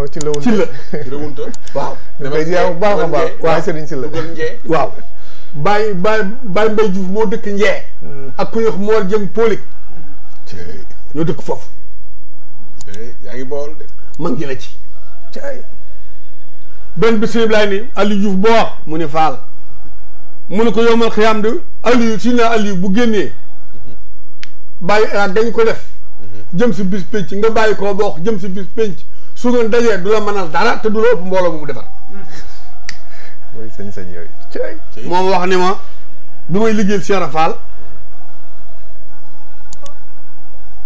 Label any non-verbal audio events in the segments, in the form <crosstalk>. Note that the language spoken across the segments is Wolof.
waaw ci la wunta la wunta waaw damay ziar bu baax a baax moo dëkk Njee hmm. ak ku ñuy wax Mor Jëng Poolik ñoo dëkk foofu yaa ngi bool de mag ci benn bi sëriñ Ibrahima ni Aliou Diouf boo mu ni Faal mu ne ko yomal xiyaam de Aliou si na Aliou bu génnee mm-hmm. bàyyi ah, dañ ko def mm-hmm. jëm si bis pénc nga bàyyi koo boox jëm si bis pénc su ngeen dajee du la mënal dara te du la ëpp mbooloo bu mu defar. mooy sañ-sañ yooyu. moom wax ni ma bi may liggéey Cheikh Rafal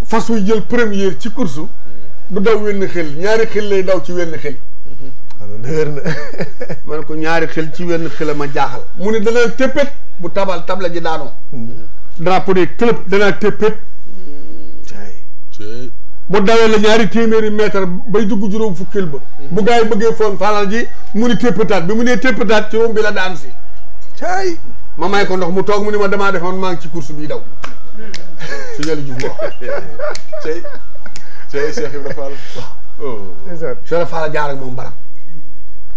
fas wu jël première ci course du daw wenn xel ñaari xel lay daw ci wenn xel. alors ah, <laughs> ne ko ñaari xel ci wenn xel ma jaaxal. mu ne danaa téppét bu tabal tabla ji daanoo. Hmm. drapeau de danaa téppét. bu dawe la ñaari téméré mètre bay dugg juroom fukkel ba bu gaay bëggé fon falal ji mu ni tépétat bi mu nee tépétat ci wom bi la daan si tay ma may ko ndox mu tok mu ni ma dama defoon ma ngi ci course bi daw ci ñali juuf mo tay tay Cheikh ibrahim Fall oh exact Cheikh Fall jaar ak mom baram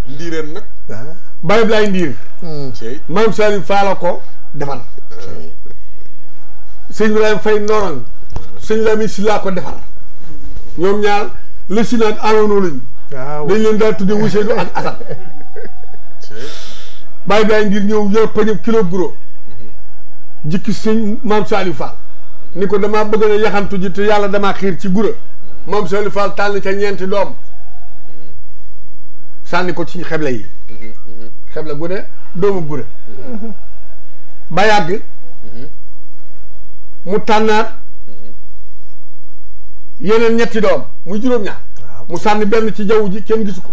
ndiireen nag ah. Baye ndir tay hmm. mam Salim Fall ko defal sëñ ibrahim Fay Noron ah. sëñ lamine sila ko defal ñoom ñaar le Sinaat amoon lañu. waaw dañ leen daal tuddee Ousseynou ak Assane. bàyyi <laughs> bàyyi ngir ñëw yor pañe kilo guro. Mhm. jikki sëñ maam Saliou Fall. ni ko damaa bëgg na yaxantu ji te yàlla damaa xiir ci gura. Mhm. maam Saliou Fall tànn ca ñeenti doom. Mhm. sànni ko ci xeble yi. xeble gu doomu gura. ba yàgg. mu tànnaat. yeneen ñetti doom muy juróom-ñaar mu sànni benn ci jaw ji kenn gisu ko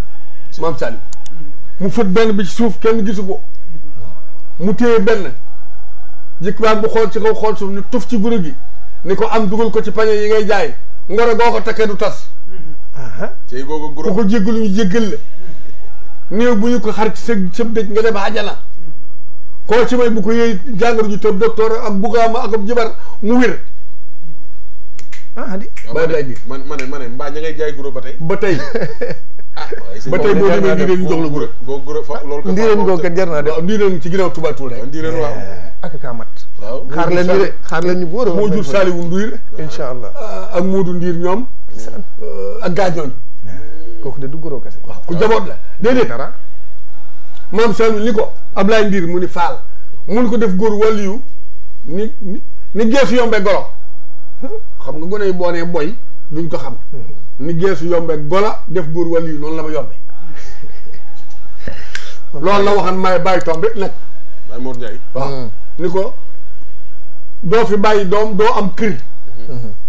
maam Saliou mm-hmm. mu fët benn bi ci suuf kenn gisu ko mm-hmm. mu téye benn jikkuwaat bu xool ci kaw xool suuf ni tuf ci guro gi ni ko am dugal ko ci pañe yi ngay jaay ngoro doo ko takkee du tas tey mm-hmm. ko jéggalu ñu jéggal la néew bu ñu xar ci sa sëb dëj nga dem àjjana koo ci may bu ko yëy jàngoro ju tëb docteur ak am ak ab jibar mu wér ah di bàyyi laaj bi man man man mbaa ña ngay jaay guro ba tey ba tey <laughs> ah, ba tey boo demee ndiireen ñu jox la guro boo guro fa loolu ko ndiireen googu kat jar naa de waaw ndiireen ci ginnaaw Touba Toul rek ndiireen waaw ak kaa mat waaw xaar leen ñu de xaar leen ñu bu wóor a moo jur Saliou Ndour incha allah ah, ak Modou Ndir ñoom ah, ak gaajooñ kooku de du guro kese waaw ku jaboot la déedéet dara maam Saliou ni ko Ablaye Ndir mu ni faal mun ko def góor wàllu yu ni ni geesu yombe goro xam nga gone yi boo nee boy duñ ko xam ni geesu yombe gola def góor wàll loolu noonu la ma yombe loolu la waxan may bàyyi tombe nag Baye Mor Ndiaye waaw ni ko doo fi bàyyi doom doo am kër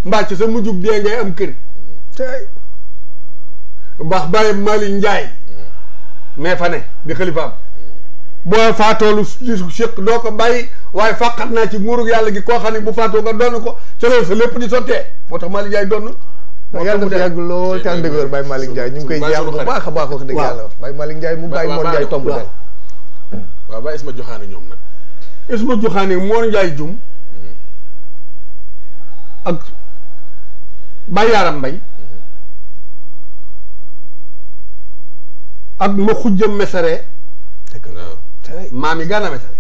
mbaa ci sa mujjug dee ngay am kër bàyyi Mali Ndiaye mais fa ne di xalifaam boo faatoolu si séq doo ko bàyyi way fakat na ci nguurug yalla gi ko xani bu faatoo nga don ko ci loolu sa di sottee motax malik Malick don doon yàlla mu yàgg lool te ànd ak wér Baye Malick ñu koy jaam bu baax baax wax deug yalla bay malik Ndiaye mu bay Mor Ndiaye tombu dal wa bay Isma Joxaane ñom nak Isma Joxaane Mor Ndiaye Jum hmm. ak Baye Yaram hmm. ak ma xujjam mesare maam yi gànna mesare